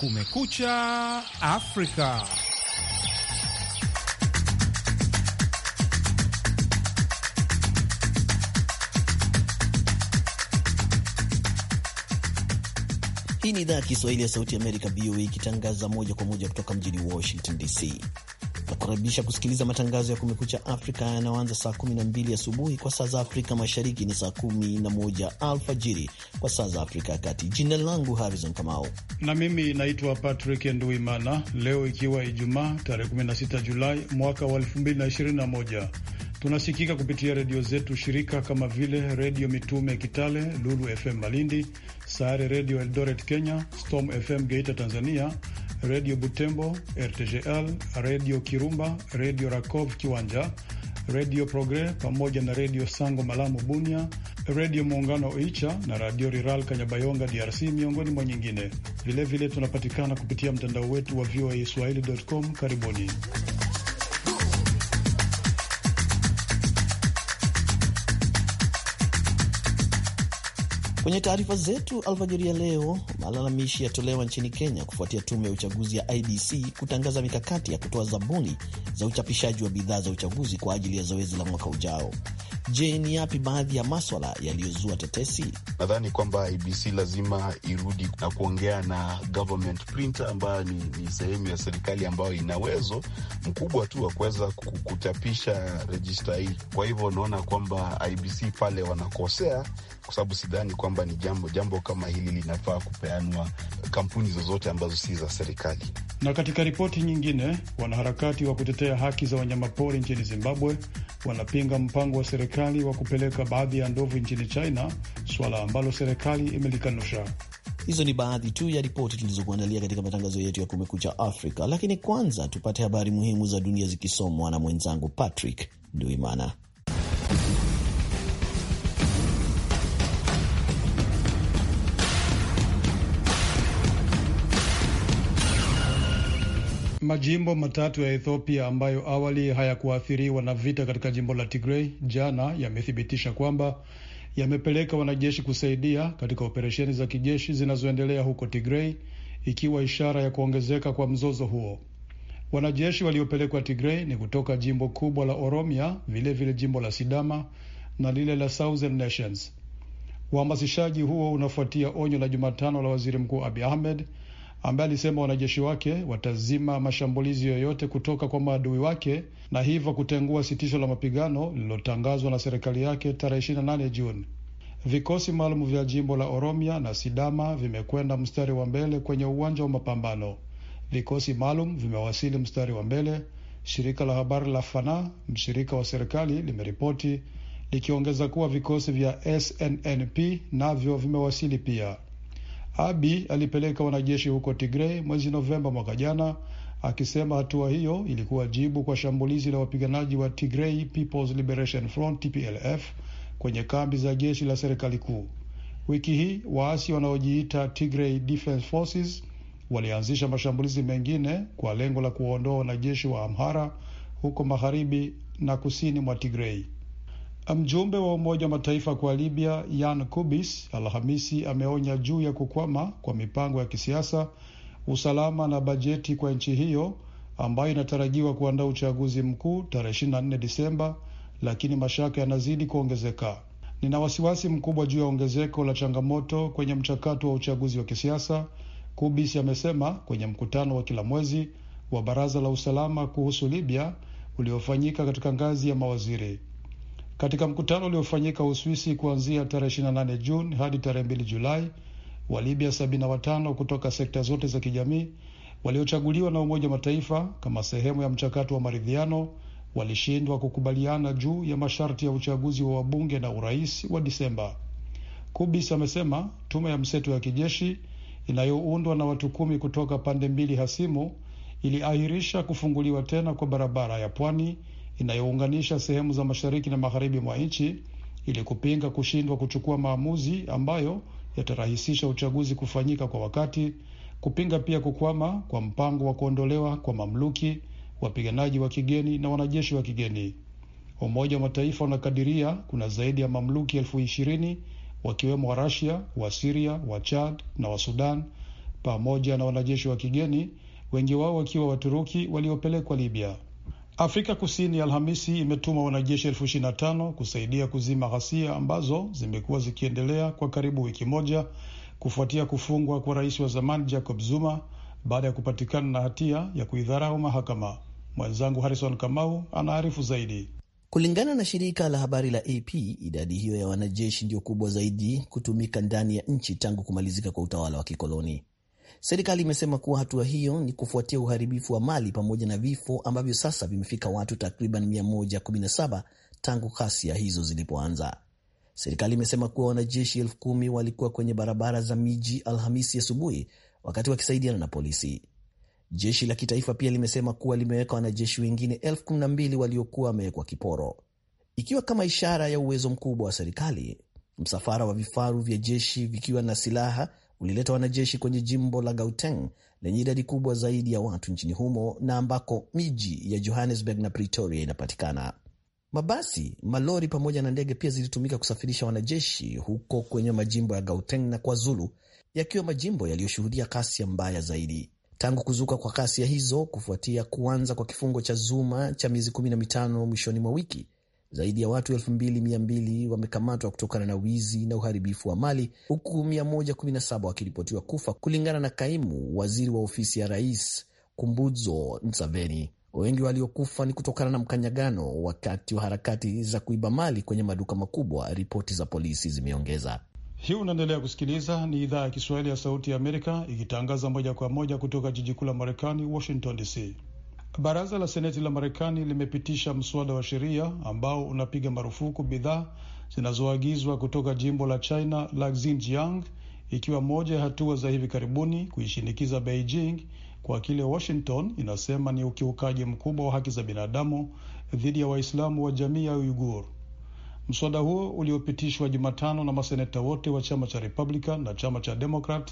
Kumekucha Afrika. Hii ni idhaa ya Kiswahili ya Sauti ya Amerika, VOA, ikitangaza moja kwa moja kutoka mjini Washington DC nakukaribisha kusikiliza matangazo ya Kumekucha Afrika yanayoanza saa 12 asubuhi kwa saa za Afrika Mashariki na saa 11 alfajiri kwa saa za Afrika ya Kati. Jina langu Harrison Kamau na mimi naitwa Patrick Nduimana. Leo ikiwa Ijumaa tarehe 16 Julai mwaka wa 2021 tunasikika kupitia redio zetu shirika kama vile Redio Mitume Kitale, Lulu FM Malindi, Sare Redio Eldoret Kenya, Storm FM Geita Tanzania, Redio Butembo, RTGL, Redio Kirumba, Redio Rakov Kiwanja, Redio Progre pamoja na Redio Sango Malamu Bunia, Redio Muungano Oicha na Radio Rural Kanyabayonga DRC, miongoni mwa nyingine. Vilevile tunapatikana kupitia mtandao wetu wa VOA Swahili.com. Karibuni. Kwenye taarifa zetu alfajiri ya leo, malalamishi yatolewa nchini Kenya kufuatia tume ya uchaguzi ya IBC kutangaza mikakati ya kutoa zabuni za uchapishaji wa bidhaa za uchaguzi kwa ajili ya zoezi la mwaka ujao. Je, ni yapi baadhi ya maswala yaliyozua tetesi? Nadhani kwamba IBC lazima irudi na kuongea na government ambayo ni, ni sehemu ya serikali ambayo ina uwezo mkubwa tu wa kuweza kuchapisha rejista hii. Kwa hivyo unaona kwamba IBC pale wanakosea kwa sababu sidhani kwamba ni jambo jambo kama hili linafaa kupeanwa kampuni zozote ambazo si za serikali. Na katika ripoti nyingine, wanaharakati wa kutetea haki za wanyamapori nchini Zimbabwe wanapinga mpango wa serikali wa kupeleka baadhi ya ndovu nchini China, suala ambalo serikali imelikanusha. Hizo ni baadhi tu ya ripoti tulizokuandalia katika matangazo yetu ya Kumekucha Afrika, lakini kwanza tupate habari muhimu za dunia zikisomwa na mwenzangu Patrick Nduimana. Majimbo matatu ya Ethiopia ambayo awali hayakuathiriwa na vita katika jimbo la Tigray jana yamethibitisha kwamba yamepeleka wanajeshi kusaidia katika operesheni za kijeshi zinazoendelea huko Tigray, ikiwa ishara ya kuongezeka kwa mzozo huo. Wanajeshi waliopelekwa Tigray ni kutoka jimbo kubwa la Oromia, vilevile vile jimbo la Sidama na lile la Southern Nations. Uhamasishaji huo unafuatia onyo la Jumatano la waziri mkuu Abiy Ahmed ambaye alisema wanajeshi wake watazima mashambulizi yoyote kutoka kwa maadui wake na hivyo kutengua sitisho la mapigano lililotangazwa na serikali yake tarehe 28 Juni. Vikosi maalum vya jimbo la Oromia na Sidama vimekwenda mstari wa mbele kwenye uwanja wa mapambano. Vikosi maalum vimewasili mstari wa mbele, shirika la habari la Fana, mshirika wa serikali, limeripoti likiongeza kuwa vikosi vya SNNP navyo vimewasili pia. Abi alipeleka wanajeshi huko Tigrei mwezi Novemba mwaka jana, akisema hatua hiyo ilikuwa jibu kwa shambulizi la wapiganaji wa Tigrei People's Liberation Front TPLF kwenye kambi za jeshi la serikali kuu. Wiki hii waasi wanaojiita Tigray Defense Forces walianzisha mashambulizi mengine kwa lengo la kuwaondoa wanajeshi wa Amhara huko magharibi na kusini mwa Tigray. Mjumbe wa Umoja wa Mataifa kwa Libya Yan Kubis Alhamisi ameonya juu ya kukwama kwa mipango ya kisiasa, usalama na bajeti kwa nchi hiyo ambayo inatarajiwa kuandaa uchaguzi mkuu tarehe 24 Disemba, lakini mashaka yanazidi kuongezeka. Nina wasiwasi mkubwa juu ya ongezeko la changamoto kwenye mchakato wa uchaguzi wa kisiasa, Kubis amesema kwenye mkutano wa kila mwezi wa Baraza la Usalama kuhusu Libya uliofanyika katika ngazi ya mawaziri. Katika mkutano uliofanyika Uswisi kuanzia tarehe 28 Juni hadi tarehe 2 Julai, Walibya 75 kutoka sekta zote za kijamii waliochaguliwa na Umoja wa Mataifa kama sehemu ya mchakato wa maridhiano walishindwa kukubaliana juu ya masharti ya uchaguzi wa wabunge na urais wa Disemba. Kubis amesema tume ya mseto ya kijeshi inayoundwa na watu kumi kutoka pande mbili hasimu iliahirisha kufunguliwa tena kwa barabara ya pwani inayounganisha sehemu za mashariki na magharibi mwa nchi ili kupinga kushindwa kuchukua maamuzi ambayo yatarahisisha uchaguzi kufanyika kwa wakati, kupinga pia kukwama kwa mpango wa kuondolewa kwa mamluki, wapiganaji wa kigeni na wanajeshi wa kigeni. Umoja wa Mataifa unakadiria kuna zaidi ya mamluki elfu ishirini wakiwemo wa Rasia, wa Siria, wa Chad na wa Sudan, pamoja na wanajeshi wa kigeni, wengi wao wakiwa Waturuki waliopelekwa Libya. Afrika Kusini Alhamisi imetuma wanajeshi elfu ishirini na tano kusaidia kuzima ghasia ambazo zimekuwa zikiendelea kwa karibu wiki moja kufuatia kufungwa kwa rais wa zamani Jacob Zuma baada ya kupatikana na hatia ya kuidharau mahakama. Mwenzangu Harrison Kamau anaarifu zaidi. Kulingana na shirika la habari la AP, idadi hiyo ya wanajeshi ndio kubwa zaidi kutumika ndani ya nchi tangu kumalizika kwa utawala wa kikoloni. Serikali imesema kuwa hatua hiyo ni kufuatia uharibifu wa mali pamoja na vifo ambavyo sasa vimefika watu takriban 117 tangu ghasia hizo zilipoanza. Serikali imesema kuwa wanajeshi elfu kumi walikuwa kwenye barabara za miji Alhamisi asubuhi wakati wakisaidiana na polisi. Jeshi la kitaifa pia limesema kuwa limeweka wanajeshi wengine elfu kumi na mbili waliokuwa wamewekwa kiporo, ikiwa kama ishara ya uwezo mkubwa wa serikali. Msafara wa vifaru vya jeshi vikiwa na silaha ulileta wanajeshi kwenye jimbo la Gauteng lenye idadi kubwa zaidi ya watu nchini humo na ambako miji ya Johannesburg na Pretoria inapatikana. Mabasi, malori pamoja na ndege pia zilitumika kusafirisha wanajeshi huko kwenye majimbo ya Gauteng na KwaZulu, yakiwa majimbo yaliyoshuhudia kasi ya mbaya zaidi tangu kuzuka kwa kasi ya hizo kufuatia kuanza kwa kifungo cha Zuma cha miezi kumi na mitano mwishoni mwa wiki. Zaidi ya watu 2200 wamekamatwa kutokana na wizi na uharibifu wa mali huku 117 wakiripotiwa kufa kulingana na kaimu waziri wa ofisi ya rais kumbuzo Nsaveni. Wengi waliokufa ni kutokana na mkanyagano wakati wa harakati za kuiba mali kwenye maduka makubwa, ripoti za polisi zimeongeza. Hii unaendelea kusikiliza, ni idhaa ya Kiswahili ya Sauti ya Amerika ikitangaza moja kwa moja kutoka jiji kuu la Marekani, Washington DC. Baraza la Seneti la Marekani limepitisha mswada wa sheria ambao unapiga marufuku bidhaa zinazoagizwa kutoka jimbo la China la Xinjiang, ikiwa moja ya hatua za hivi karibuni kuishinikiza Beijing kwa kile Washington inasema ni ukiukaji mkubwa wa haki za binadamu dhidi ya Waislamu wa jamii ya Uigur. Mswada huo uliopitishwa Jumatano na maseneta wote wa chama cha Republican na chama cha Democrat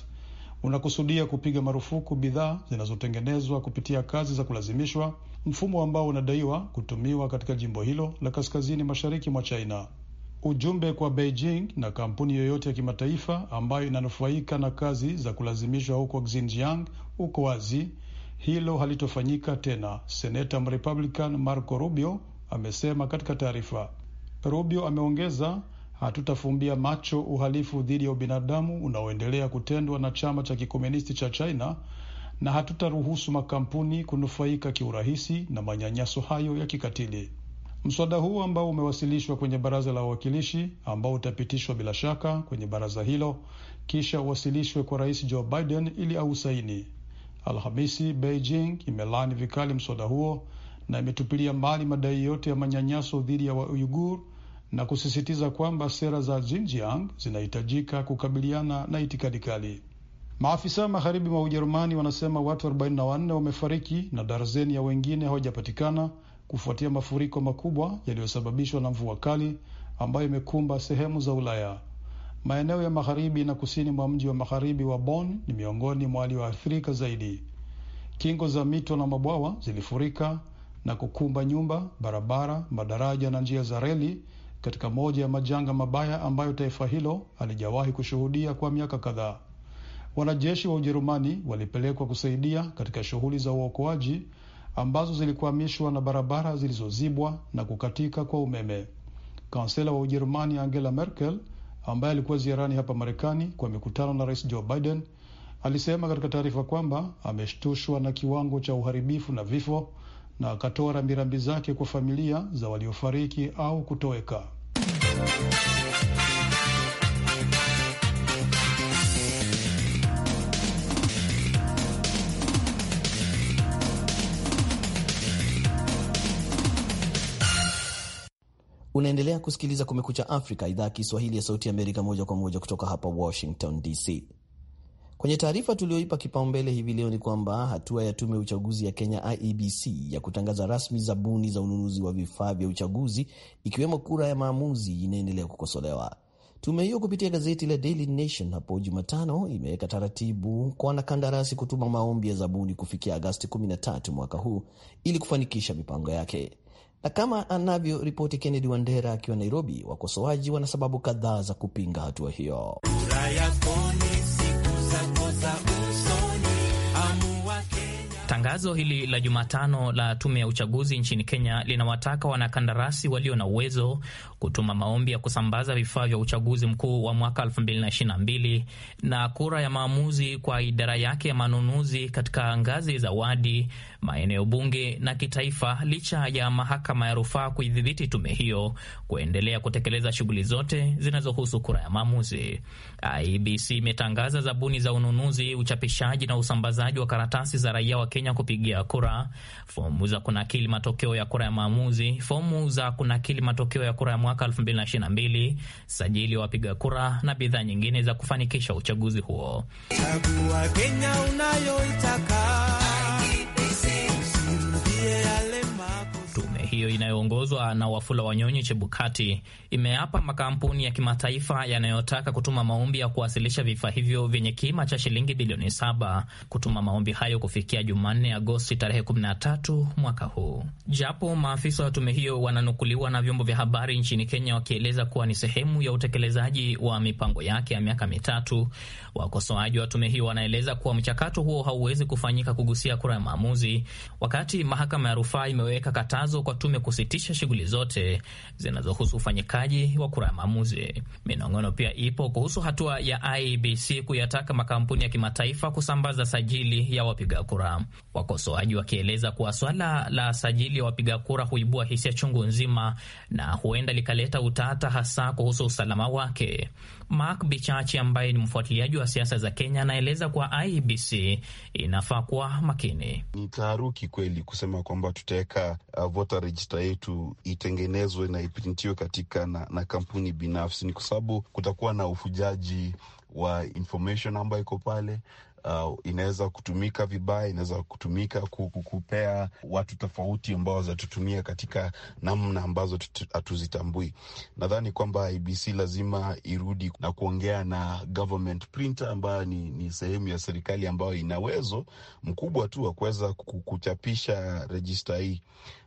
unakusudia kupiga marufuku bidhaa zinazotengenezwa kupitia kazi za kulazimishwa, mfumo ambao unadaiwa kutumiwa katika jimbo hilo la kaskazini mashariki mwa China. Ujumbe kwa Beijing na kampuni yoyote ya kimataifa ambayo inanufaika na kazi za kulazimishwa huko Xinjiang uko wazi, hilo halitofanyika tena, seneta Mrepublican Marco Rubio amesema katika taarifa. Rubio ameongeza hatutafumbia macho uhalifu dhidi ya ubinadamu unaoendelea kutendwa na chama cha kikomunisti cha China na hatutaruhusu makampuni kunufaika kiurahisi na manyanyaso hayo ya kikatili. Mswada huu ambao umewasilishwa kwenye baraza la wawakilishi, ambao utapitishwa bila shaka kwenye baraza hilo kisha uwasilishwe kwa rais Joe Biden ili ausaini. Alhamisi, Beijing imelaani vikali mswada huo na imetupilia mbali madai yote ya manyanyaso dhidi ya Wauigur na kusisitiza kwamba sera za Xinjiang zinahitajika kukabiliana na itikadi kali. Maafisa wa magharibi mwa Ujerumani wanasema watu 44 wamefariki na darzeni ya wengine hawajapatikana kufuatia mafuriko makubwa yaliyosababishwa na mvua kali ambayo imekumba sehemu za Ulaya. Maeneo ya magharibi na kusini mwa mji wa magharibi wa Bonn ni miongoni mwa walioathirika zaidi. Kingo za mito na mabwawa zilifurika na kukumba nyumba, barabara, madaraja na njia za reli katika moja ya majanga mabaya ambayo taifa hilo halijawahi kushuhudia kwa miaka kadhaa. Wanajeshi wa Ujerumani walipelekwa kusaidia katika shughuli za uokoaji ambazo zilikwamishwa na barabara zilizozibwa na kukatika kwa umeme. Kansela wa Ujerumani Angela Merkel ambaye alikuwa ziarani hapa Marekani kwa mikutano na Rais Joe Biden alisema katika taarifa kwamba ameshtushwa na kiwango cha uharibifu na vifo na akatoa rambirambi zake kwa familia za waliofariki au kutoweka. Unaendelea kusikiliza Kumekucha Afrika, idhaa ya Kiswahili ya Sauti ya Amerika, moja kwa moja kutoka hapa Washington DC. Kwenye taarifa tulioipa kipaumbele hivi leo ni kwamba hatua ya tume ya uchaguzi ya Kenya IEBC ya kutangaza rasmi zabuni za ununuzi wa vifaa vya uchaguzi ikiwemo kura ya maamuzi inaendelea kukosolewa. Tume hiyo kupitia gazeti la Daily Nation hapo Jumatano imeweka taratibu kwa wanakandarasi kutuma maombi ya zabuni kufikia Agasti 13 mwaka huu ili kufanikisha mipango yake. Na kama anavyoripoti Kennedy Wandera akiwa Nairobi, wakosoaji wana sababu kadhaa za kupinga hatua hiyo. cosa, cosa. Tangazo hili la Jumatano la tume ya uchaguzi nchini Kenya linawataka wanakandarasi walio na uwezo kutuma maombi ya kusambaza vifaa vya uchaguzi mkuu wa mwaka 2022 na kura ya maamuzi kwa idara yake ya manunuzi katika ngazi za wadi, maeneo bunge na kitaifa, licha ya mahakama ya rufaa kuidhibiti tume hiyo kuendelea kutekeleza shughuli zote zinazohusu kura ya maamuzi. IBC imetangaza zabuni za ununuzi, uchapishaji na usambazaji wa karatasi za raia wa Kenya Kenya kupigia kura, fomu za kunakili matokeo ya kura ya maamuzi, fomu za kunakili matokeo ya kura ya mwaka 2022, sajili wa wapiga kura na bidhaa nyingine za kufanikisha uchaguzi huo. Chagua Kenya unayoitaka hiyo inayoongozwa na Wafula Wanyonyi Chebukati imeapa makampuni ya kimataifa yanayotaka kutuma maombi ya kuwasilisha vifaa hivyo vyenye kima cha shilingi bilioni saba kutuma maombi hayo kufikia Jumanne, Agosti tarehe 13 mwaka huu. Japo maafisa wa tume hiyo wananukuliwa na vyombo vya habari nchini Kenya wakieleza kuwa ni sehemu ya utekelezaji wa mipango yake ya miaka mitatu, wakosoaji wa tume hiyo wanaeleza kuwa mchakato huo hauwezi kufanyika kugusia kura ya maamuzi, wakati mahakama ya rufaa imeweka katazo kwa tume kusitisha shughuli zote zinazohusu ufanyikaji wa kura ya maamuzi. Minong'ono pia ipo kuhusu hatua ya IBC kuyataka makampuni ya kimataifa kusambaza sajili ya wapiga kura, wakosoaji wakieleza kuwa swala la sajili ya wapiga kura huibua hisia chungu nzima na huenda likaleta utata, hasa kuhusu usalama wake. Mark Bichachi ambaye ni mfuatiliaji wa siasa za Kenya anaeleza kuwa IBC inafaa kuwa makini. Ni taharuki kweli kusema kwamba tutaweka uh, voter digital yetu itengenezwe na iprintiwe katika na, na kampuni binafsi, ni kwa sababu kutakuwa na ufujaji wa information ambayo iko pale. Uh, inaweza kutumika vibaya, inaweza kutumika kupea watu tofauti ambao wazatutumia katika namna ambazo hatuzitambui. Nadhani kwamba IBC lazima irudi na kuongea na government printer ambayo ni, ni sehemu ya serikali ambayo ina uwezo mkubwa tu wa kuweza kuchapisha rejista hii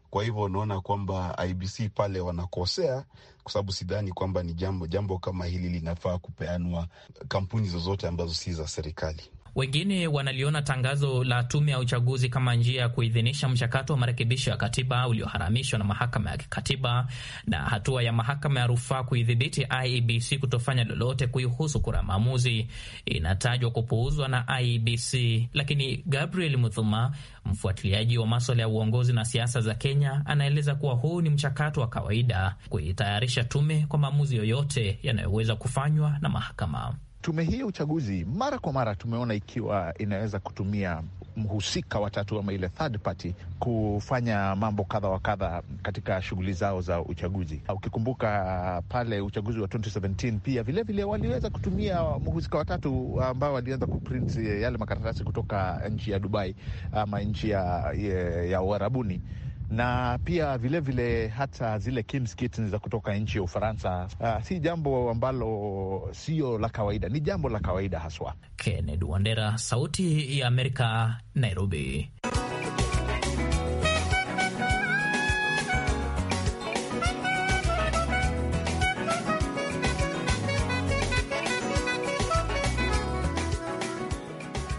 kwa hivyo unaona kwamba IBC pale wanakosea, kwa sababu sidhani kwamba ni jambo jambo kama hili linafaa kupeanwa kampuni zozote ambazo si za serikali. Wengine wanaliona tangazo la tume ya uchaguzi kama njia ya kuidhinisha mchakato wa marekebisho ya katiba ulioharamishwa na mahakama ya kikatiba na hatua ya mahakama ya rufaa kuidhibiti IEBC kutofanya lolote kuihusu kura maamuzi inatajwa kupuuzwa na IEBC. Lakini Gabriel Muthuma, mfuatiliaji wa maswala ya uongozi na siasa za Kenya, anaeleza kuwa huu ni mchakato wa kawaida kuitayarisha tume kwa maamuzi yoyote yanayoweza kufanywa na mahakama. Tume hii ya uchaguzi mara kwa mara tumeona ikiwa inaweza kutumia mhusika watatu ama ile third party kufanya mambo kadha wa kadha katika shughuli zao za uchaguzi. Ukikumbuka uh, pale uchaguzi wa 2017 pia vilevile vile waliweza kutumia mhusika watatu ambao walianza kuprint yale makaratasi kutoka nchi ya Dubai ama nchi ya, ya, ya Uarabuni na pia vilevile vile hata zile kimskit za kutoka nchi ya Ufaransa. Uh, si jambo ambalo sio la kawaida, ni jambo la kawaida haswa. Kennedy Wandera, Sauti ya Amerika, Nairobi.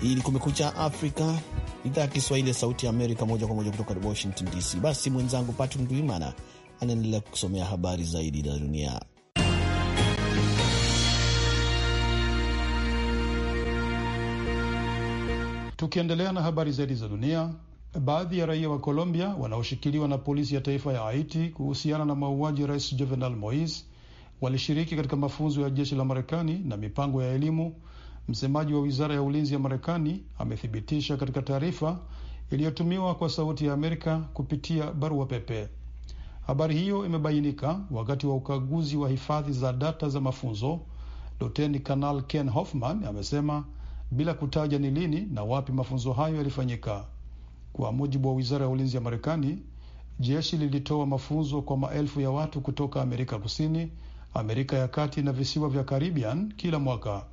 Hii ni Kumekucha Afrika, idhaa ya Kiswahili ya Sauti ya Amerika, moja kwa moja kutoka Washington DC. Basi mwenzangu Patrick Ndwimana anaendelea kusomea habari zaidi za dunia. Tukiendelea na habari zaidi za dunia, baadhi ya raia wa Colombia wanaoshikiliwa na polisi ya taifa ya Haiti kuhusiana na mauaji ya rais jovenal mois walishiriki katika mafunzo ya jeshi la Marekani na mipango ya elimu Msemaji wa wizara ya ulinzi ya Marekani amethibitisha katika taarifa iliyotumiwa kwa Sauti ya Amerika kupitia barua pepe. Habari hiyo imebainika wakati wa ukaguzi wa hifadhi za data za mafunzo. Luteni Kanal Ken Hoffman amesema bila kutaja ni lini na wapi mafunzo hayo yalifanyika. Kwa mujibu wa wizara ya ulinzi ya Marekani, jeshi lilitoa mafunzo kwa maelfu ya watu kutoka Amerika Kusini, Amerika ya Kati na visiwa vya Caribbean kila mwaka.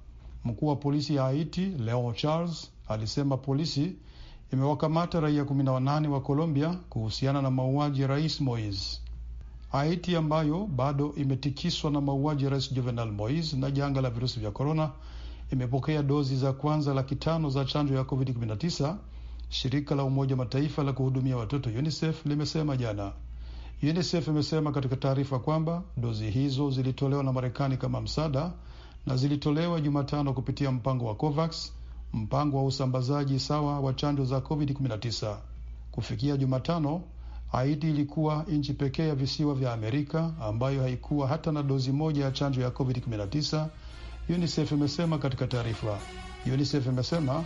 Mkuu wa polisi ya Haiti Leo Charles alisema polisi imewakamata raia 18 wa Colombia kuhusiana na mauaji ya rais Moise. Haiti ambayo bado imetikiswa na mauaji ya rais juvenal Moise na janga la virusi vya korona imepokea dozi za kwanza laki tano za chanjo ya COVID-19, shirika la Umoja wa Mataifa la kuhudumia watoto UNICEF limesema jana. UNICEF imesema katika taarifa kwamba dozi hizo zilitolewa na Marekani kama msaada na zilitolewa Jumatano kupitia mpango wa COVAX, mpango wa usambazaji sawa wa chanjo za COVID-19. Kufikia Jumatano, Haiti ilikuwa nchi pekee ya visiwa vya Amerika ambayo haikuwa hata na dozi moja ya chanjo ya COVID-19, UNICEF imesema katika taarifa. UNICEF imesema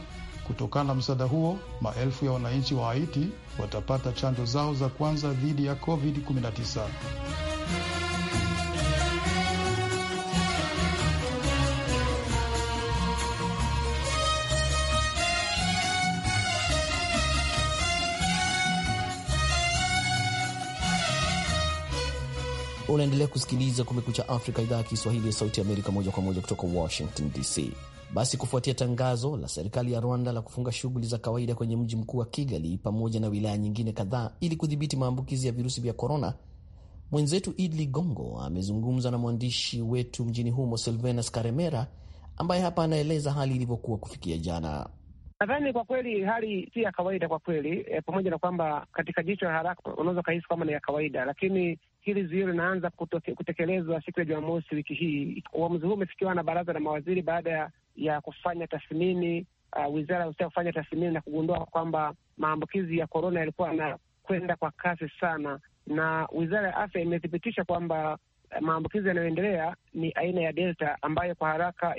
kutokana na msaada huo, maelfu ya wananchi wa Haiti watapata chanjo zao za kwanza dhidi ya COVID-19. Unaendelea kusikiliza Kumekucha Afrika, idhaa ya Kiswahili ya Sauti Amerika, moja kwa moja kutoka Washington DC. Basi kufuatia tangazo la serikali ya Rwanda la kufunga shughuli za kawaida kwenye mji mkuu wa Kigali pamoja na wilaya nyingine kadhaa ili kudhibiti maambukizi ya virusi vya korona, mwenzetu Id Ligongo amezungumza na mwandishi wetu mjini humo Silvenas Karemera ambaye hapa anaeleza hali ilivyokuwa kufikia jana. Nadhani kwa kweli hali si ya kawaida kwa kweli e, pamoja na kwamba katika jicho la haraka unaweza ukahisi kwamba ni ya kawaida, lakini hili zuio linaanza kutekelezwa siku ya Jumamosi wiki hii. Uamuzi huu umefikiwa na baraza la mawaziri baada ya kufanya tathmini uh, wizara ya kufanya tathmini na kugundua kwamba maambukizi ya korona yalikuwa yanakwenda kwa kasi sana, na wizara ya afya imethibitisha kwamba maambukizi yanayoendelea ni aina ya delta ambayo kwa haraka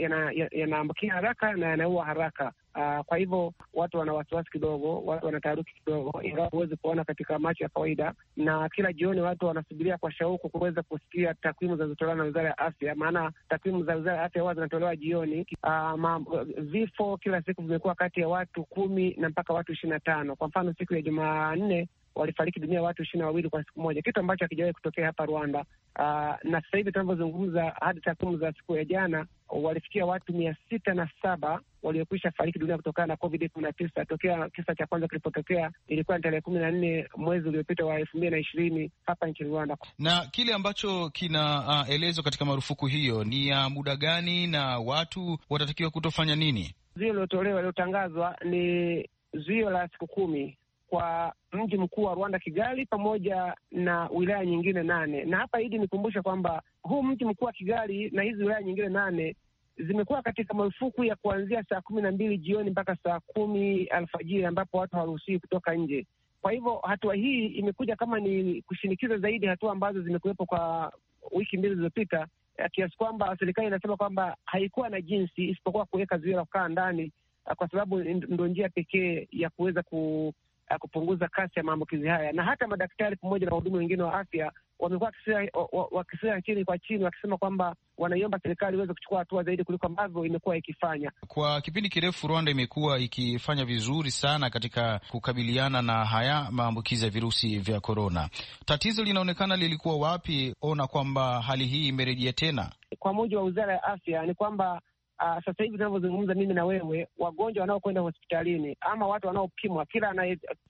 yanaambukia yana haraka na yanaua haraka. Uh, kwa hivyo watu wana wasiwasi kidogo, watu wana taharuki kidogo, ingawa huwezi kuona katika macho ya kawaida. Na kila jioni watu wanasubiria kwa shauku kuweza kusikia takwimu zinazotolewa na wizara ya afya, maana takwimu za wizara ya afya huwa zinatolewa jioni. Uh, ma, vifo kila siku vimekuwa kati ya watu kumi na mpaka watu ishirini na tano. Kwa mfano siku ya Jumanne walifariki dunia watu ishirini na wawili kwa siku moja, kitu ambacho hakijawahi kutokea hapa Rwanda. Uh, na sasa hivi tunavyozungumza, hadi takwimu za siku ya jana walifikia watu mia sita na saba waliokwisha fariki dunia kutokana na COVID kumi na tisa tokea kisa cha kwanza kilipotokea ilikuwa ni tarehe kumi na nne mwezi uliopita wa elfu mbili na ishirini hapa nchini Rwanda. Na kile ambacho kinaelezwa ah, uh, katika marufuku hiyo ni ya uh, muda gani na watu watatakiwa kutofanya nini? Zuio liliotolewa, iliotangazwa ni zuio la siku kumi kwa mji mkuu wa Rwanda, Kigali, pamoja na wilaya nyingine nane. Na hapa hidi nikumbusha kwamba huu mji mkuu wa Kigali na hizi wilaya nyingine nane zimekuwa katika marufuku ya kuanzia saa kumi na mbili jioni mpaka saa kumi alfajiri ambapo watu hawaruhusiwi kutoka nje. Kwa hivyo hatua hii imekuja kama ni kushinikiza zaidi hatua ambazo zimekuwepo kwa wiki mbili zilizopita, eh, kiasi kwamba serikali inasema kwamba haikuwa na jinsi isipokuwa kuweka zuio la kukaa ndani, eh, kwa sababu ndo njia pekee ya kuweza ku uh, kupunguza kasi ya maambukizi haya, na hata madaktari pamoja na wahudumu wengine wa afya wamekuwa wakisia chini kwa chini wakisema kwamba wanaiomba serikali iweze kuchukua hatua zaidi kuliko ambavyo imekuwa ikifanya kwa kipindi kirefu. Rwanda imekuwa ikifanya vizuri sana katika kukabiliana na haya maambukizi ya virusi vya korona. Tatizo linaonekana lilikuwa wapi? Ona kwamba hali hii imerejea tena. Kwa mujibu wa wizara ya afya ni kwamba uh, sasa hivi tunavyozungumza mimi na wewe, wagonjwa wanaokwenda hospitalini ama watu wanaopimwa, kila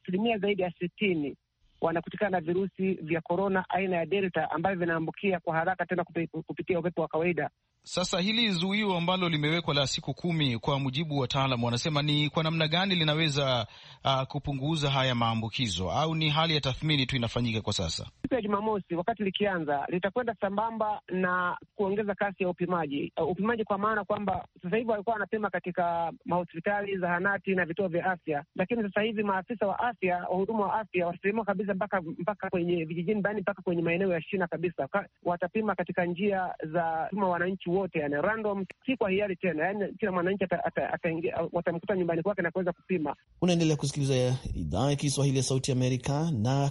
asilimia zaidi ya sitini wanakutikana na virusi vya korona aina ya Delta ambavyo vinaambukia kwa haraka tena kupitia upepo wa kawaida. Sasa hili zuio ambalo limewekwa la siku kumi, kwa mujibu wa wataalam wanasema ni kwa namna gani linaweza uh, kupunguza haya maambukizo au ni hali ya tathmini tu inafanyika kwa sasa? Siku ya Jumamosi wakati likianza litakwenda sambamba na kuongeza kasi ya upimaji uh, upimaji kwa maana kwamba sasa hivi walikuwa wanapima katika mahospitali, zahanati na vituo vya afya, lakini sasa hivi maafisa wa afya, wahudumu wa afya watateremua kabisa mpaka mpaka kwenye vijijini bani mpaka kwenye maeneo ya shina kabisa, watapima katika njia za tuma wananchi wote, yani random, si kwa hiari tena, yani kila mwananchi watamkuta nyumbani kwake na kuweza kupima. Unaendelea kusikiliza idhaa ya Kiswahili ya Sauti Amerika na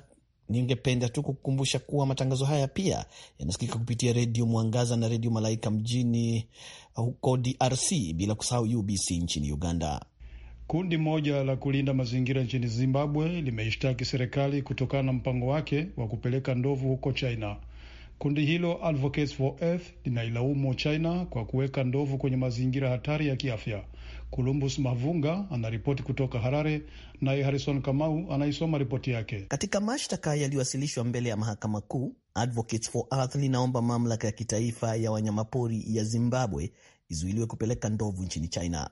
ningependa tu kukukumbusha kuwa matangazo haya pia yanasikika kupitia Redio Mwangaza na Redio Malaika mjini uh, huko DRC, bila kusahau UBC nchini Uganda. Kundi moja la kulinda mazingira nchini Zimbabwe limeishtaki serikali kutokana na mpango wake wa kupeleka ndovu huko China. Kundi hilo Advocates for Earth linailaumu China kwa kuweka ndovu kwenye mazingira hatari ya kiafya. Columbus Mavunga anaripoti kutoka Harare, naye Harrison Kamau anaisoma ripoti yake. Katika mashtaka yaliyowasilishwa mbele ya mahakama kuu, Advocates for Earth linaomba mamlaka ya kitaifa ya wanyamapori ya Zimbabwe izuiliwe kupeleka ndovu nchini China.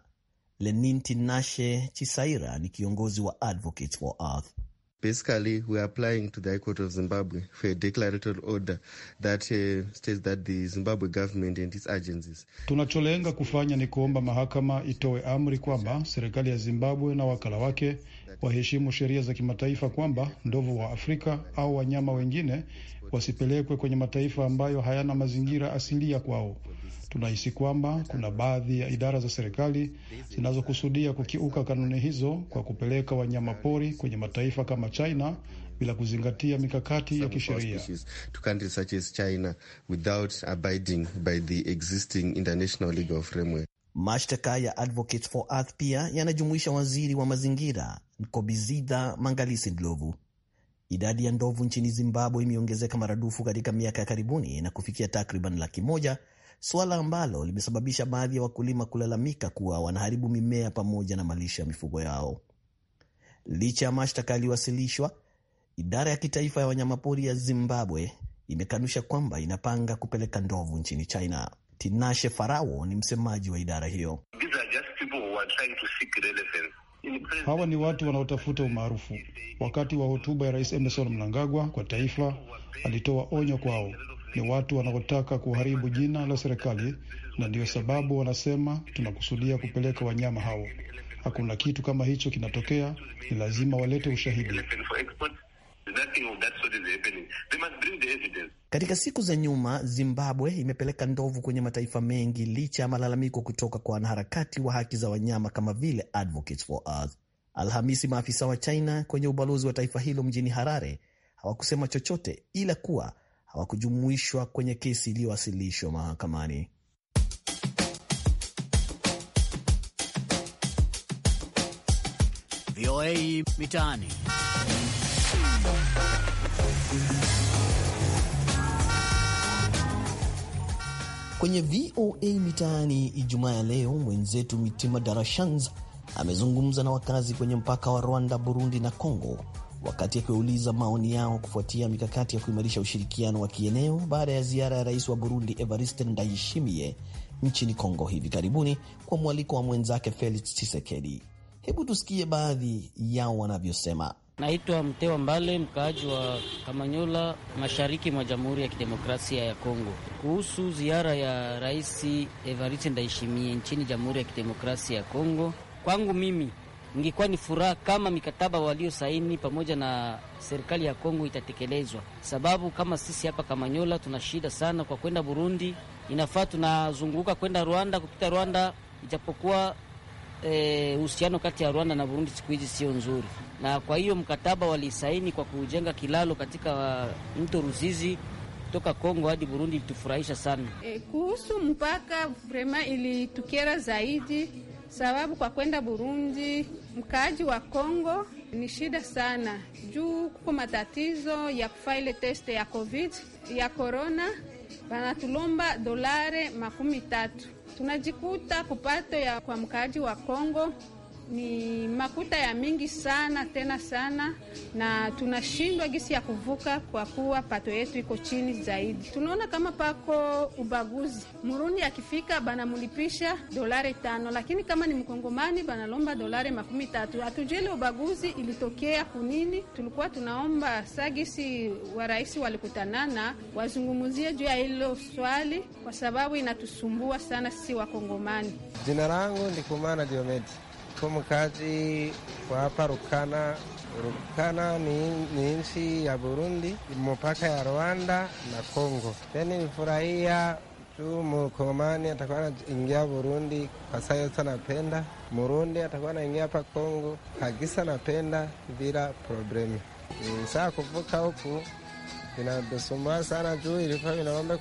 nashe Chisaira ni kiongozi wa Advocates for Earth. Basically, we are applying to the High Court of Zimbabwe for a declaratory order that uh, states that the Zimbabwe government and its agencies. Tunacholenga kufanya ni kuomba mahakama itoe amri kwamba serikali ya Zimbabwe na wakala wake waheshimu sheria za kimataifa kwamba ndovu wa Afrika au wanyama wengine wasipelekwe kwenye mataifa ambayo hayana mazingira asilia kwao. Tunahisi kwamba kuna baadhi ya idara za serikali zinazokusudia kukiuka kanuni hizo kwa kupeleka wanyama pori kwenye mataifa kama China bila kuzingatia mikakati ya kisheria. Mashtaka ya Advocates for Earth pia yanajumuisha waziri wa mazingira Nkobizida Mangalisi Ndlovu. Idadi ya ndovu nchini Zimbabwe imeongezeka maradufu katika miaka ya karibuni na kufikia takriban laki moja, suala ambalo limesababisha baadhi ya wakulima kulalamika kuwa wanaharibu mimea pamoja na malisho ya mifugo yao. Licha ya mashtaka yaliyowasilishwa, idara ya kitaifa ya wanyamapori ya Zimbabwe imekanusha kwamba inapanga kupeleka ndovu nchini China. Tinashe Farao ni msemaji wa idara hiyo. These are just Hawa ni watu wanaotafuta umaarufu. Wakati wa hotuba ya Rais Emerson Mnangagwa kwa taifa, alitoa onyo kwao. Ni watu wanaotaka kuharibu jina la serikali, na ndiyo sababu wanasema tunakusudia kupeleka wanyama hao. Hakuna kitu kama hicho kinatokea, ni lazima walete ushahidi. Katika siku za nyuma, Zimbabwe imepeleka ndovu kwenye mataifa mengi licha ya malalamiko kutoka kwa wanaharakati wa haki za wanyama kama vile Advocates for Earth. Alhamisi, maafisa wa China kwenye ubalozi wa taifa hilo mjini Harare hawakusema chochote ila kuwa hawakujumuishwa kwenye kesi iliyowasilishwa mahakamani. VOA Mitaani. Kwenye VOA Mitaani Ijumaa ya leo, mwenzetu Mitima Darashans amezungumza na wakazi kwenye mpaka wa Rwanda, Burundi na congo wakati akiwauliza maoni yao kufuatia mikakati ya kuimarisha ushirikiano wa kieneo baada ya ziara ya rais wa Burundi Evariste Ndayishimiye nchini Kongo hivi karibuni kwa mwaliko wa mwenzake Felix Tshisekedi. Hebu tusikie baadhi yao wanavyosema. Naitwa Mtewa Mbale, mkaaji wa Kamanyola, mashariki mwa Jamhuri ya Kidemokrasia ya Kongo. Kuhusu ziara ya Rais Evariste Ndayishimiye nchini Jamhuri ya Kidemokrasia ya Kongo, kwangu mimi ingekuwa ni furaha kama mikataba waliosaini pamoja na serikali ya Kongo itatekelezwa, sababu kama sisi hapa Kamanyola tuna shida sana kwa kwenda Burundi, inafaa tunazunguka kwenda Rwanda, kupita Rwanda, ijapokuwa Eh, uhusiano kati ya Rwanda na Burundi siku hizi sio nzuri, na kwa hiyo mkataba walisaini kwa kujenga kilalo katika uh, mto Ruzizi kutoka Kongo hadi Burundi ilitufurahisha sana. E, kuhusu mpaka vrema ilitukera zaidi, sababu kwa kwenda Burundi mkaaji wa Kongo ni shida sana, juu kuko matatizo ya kufaile teste ya covid ya corona, wanatulomba dolare makumi tatu tunajikuta kupato ya kwa mkaaji wa Kongo ni makuta ya mingi sana tena sana, na tunashindwa gisi ya kuvuka kwa kuwa pato yetu iko chini zaidi. Tunaona kama pako ubaguzi, murundi akifika banamulipisha dolari tano, lakini kama ni mkongomani banalomba dolari makumi tatu. Hatujele ubaguzi ilitokea kunini. Tulikuwa tunaomba gisi wa rais walikutanana wazungumuzie juu ya hilo swali, kwa sababu inatusumbua sana sisi Wakongomani. Jina langu ni kumana Diomedi. Ko mkazi wa hapa Rukana. Rukana ni, ni nchi ya Burundi, mupaka ya Rwanda na Kongo. Tena nifurahia tu mukomani atakuwa anaingia Burundi kwa saa yote Murundi atakuwa anaingia hapa Kongo kabisa napenda bila problemu. Eh, saa kuvuka huku vinatusumbua sana juu ilikuwa vinaombe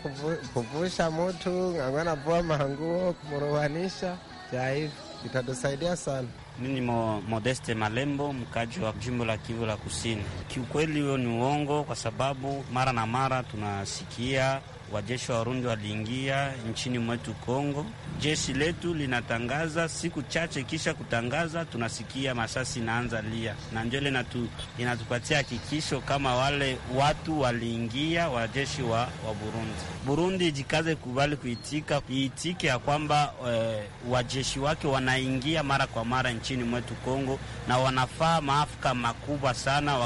kuvusha mutu ngangwa navua manguo kumuruwanisha jaivu itatusaidia sana. mi ni Mo, Modeste Malembo, mkaji wa jimbo la Kivu la Kusini. Kiukweli huyo ni uongo, kwa sababu mara na mara tunasikia Wajeshi wa Warundi waliingia nchini mwetu Kongo. Jeshi letu linatangaza, siku chache kisha kutangaza, tunasikia masasi inaanza lia, na ndio linatu, inatupatia hakikisho kama wale watu waliingia wajeshi wa, wa Burundi. Burundi jikaze kubali kuitika, iitike ya kwamba e, wajeshi wake wanaingia mara kwa mara nchini mwetu Kongo, na wanafaa maafika makubwa sana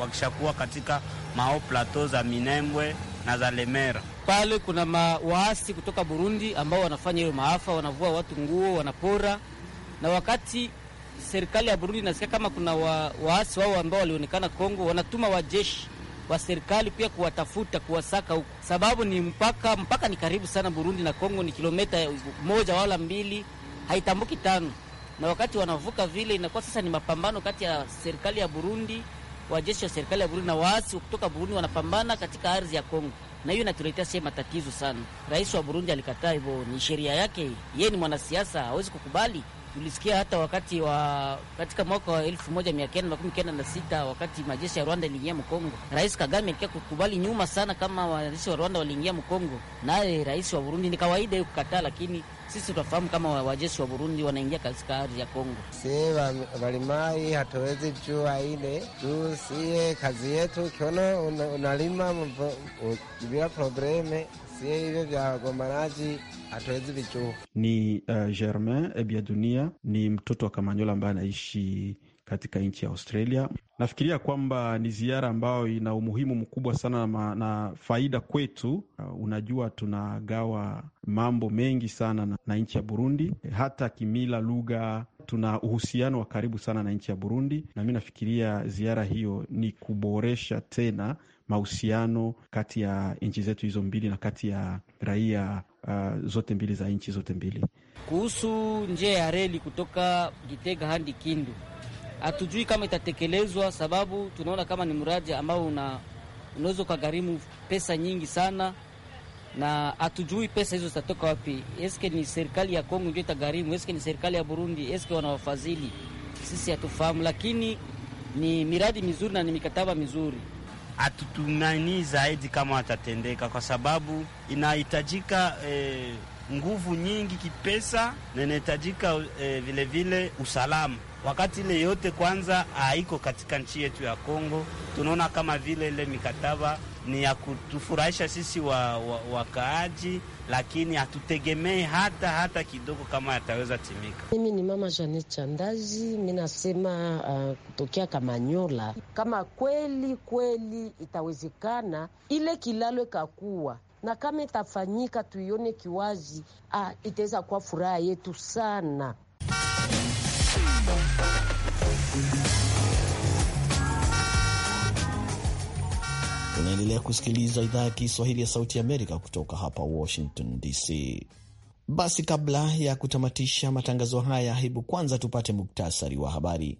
wakishakuwa katika mao plateau za Minembwe na za Lemera pale kuna waasi kutoka Burundi ambao wanafanya hiyo maafa, wanavua watu nguo, wanapora. Na wakati serikali ya Burundi inasikia kama kuna wa, waasi wao ambao walionekana Kongo, wanatuma wajeshi wa serikali pia kuwatafuta, kuwasaka huko, sababu ni mpaka mpaka ni karibu sana. Burundi na Kongo ni kilomita moja wala mbili, haitambuki tano. Na wakati wanavuka vile, inakuwa sasa ni mapambano kati ya serikali ya Burundi, wajeshi wa serikali ya Burundi na waasi kutoka Burundi, wanapambana katika ardhi ya Kongo na hiyo inatuletea sie matatizo sana. Rais wa Burundi alikataa hivyo, ni sheria yake, yeye ni mwanasiasa, hawezi kukubali Tulisikia hata wakati wa katika mwaka wa elfu moja mia kenda makumi kenda na sita wakati majeshi ya Rwanda iliingia Mkongo, Rais Kagame alikia kukubali nyuma sana kama wanajeshi wa Rwanda waliingia Mkongo, naye rais wa Burundi ni kawaida hiyo kukataa, lakini sisi tunafahamu kama wajeshi wa Burundi wanaingia katika ardhi ya Kongo. Sie walimai hatuwezi jua ile juu, sie kazi yetu, ukiona unalima bila probleme si hivyo vya wagombanaji hatuwezi vichuu. Ni uh, Germain Dunia, ni mtoto wa Kamanyola ambaye anaishi katika nchi ya Australia. Nafikiria kwamba ni ziara ambayo ina umuhimu mkubwa sana na, na faida kwetu. Uh, unajua tunagawa mambo mengi sana na, na nchi ya Burundi, hata kimila, lugha, tuna uhusiano wa karibu sana na nchi ya Burundi, na mi nafikiria ziara hiyo ni kuboresha tena mahusiano kati ya nchi zetu hizo mbili na kati ya raia uh, zote mbili za nchi zote mbili. Kuhusu njia ya reli kutoka Gitega hadi Kindu, hatujui kama itatekelezwa, sababu tunaona kama ni mradi ambao una unaweza ukagharimu pesa nyingi sana, na hatujui pesa hizo zitatoka wapi. Eske ni serikali ya Kongo ndio itagharimu? Eske ni serikali ya Burundi? Eske wanawafadhili? Sisi hatufahamu, lakini ni miradi mizuri na ni mikataba mizuri hatutumanii zaidi kama atatendeka, kwa sababu inahitajika e, nguvu nyingi kipesa na inahitajika eh, vilevile usalama wakati ile yote kwanza haiko katika nchi yetu ya Kongo. Tunaona kama vile ile mikataba ni ya kutufurahisha sisi wa, wa, wakaaji, lakini hatutegemei hata hata kidogo kama yataweza timika. Mimi ni mama Janet Chandazi, mi nasema uh, kutokea Kamanyola, kama kweli kweli itawezekana ile kilalo ikakuwa na kama itafanyika tuione kiwazi, uh, itaweza kuwa furaha yetu sana Unaendelea kusikiliza idhaa ya Kiswahili ya Sauti ya Amerika kutoka hapa Washington DC. Basi kabla ya kutamatisha matangazo haya, hebu kwanza tupate muktasari wa habari.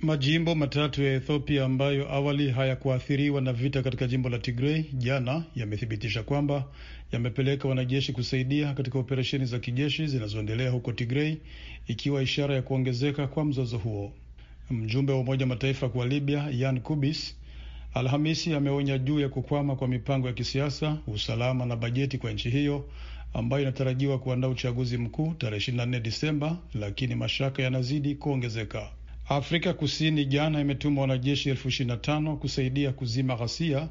Majimbo matatu ya Ethiopia ambayo awali hayakuathiriwa na vita katika jimbo la Tigrei jana yamethibitisha kwamba yamepeleka wanajeshi kusaidia katika operesheni za kijeshi zinazoendelea huko Tigrei, ikiwa ishara ya kuongezeka kwa mzozo huo. Mjumbe wa Umoja Mataifa kwa Libya Yan Kubis Alhamisi ameonya juu ya kukwama kwa mipango ya kisiasa, usalama na bajeti kwa nchi hiyo ambayo inatarajiwa kuandaa uchaguzi mkuu tarehe 24 Disemba, lakini mashaka yanazidi kuongezeka. Afrika Kusini jana imetuma wanajeshi elfu ishirini na tano kusaidia kuzima ghasia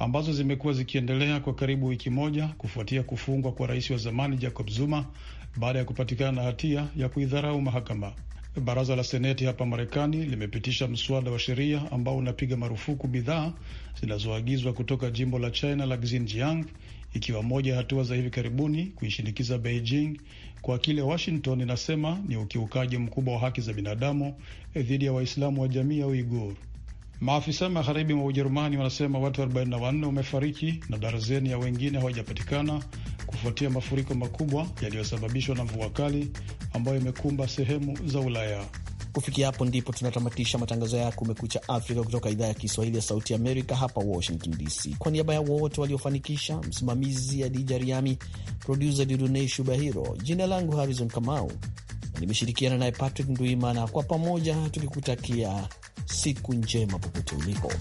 ambazo zimekuwa zikiendelea kwa karibu wiki moja kufuatia kufungwa kwa rais wa zamani Jacob Zuma baada ya kupatikana na hatia ya kuidharau mahakama. Baraza la Seneti hapa Marekani limepitisha mswada wa sheria ambao unapiga marufuku bidhaa zinazoagizwa kutoka jimbo la China la Xinjiang, ikiwa moja ya hatua za hivi karibuni kuishinikiza Beijing kwa kile Washington inasema ni ukiukaji mkubwa wa haki za binadamu eh, dhidi ya Waislamu wa jamii ya Uigur. Maafisa magharibi mwa Ujerumani wanasema watu 44 wamefariki na darzeni ya wengine hawajapatikana kufuatia mafuriko makubwa yaliyosababishwa na mvua kali ambayo imekumba sehemu za Ulaya. Kufikia hapo ndipo tunatamatisha matangazo ya Kumekucha Afrika kutoka idhaa ya Kiswahili ya Sauti Amerika hapa Washington DC. Kwa niaba ya wote waliofanikisha, msimamizi Adija Riami, produsa Dudunei Shubahiro, jina langu Harrison Kamau nimeshirikiana naye Patrick Nduimana, kwa pamoja tukikutakia Siku njema popote ulipo.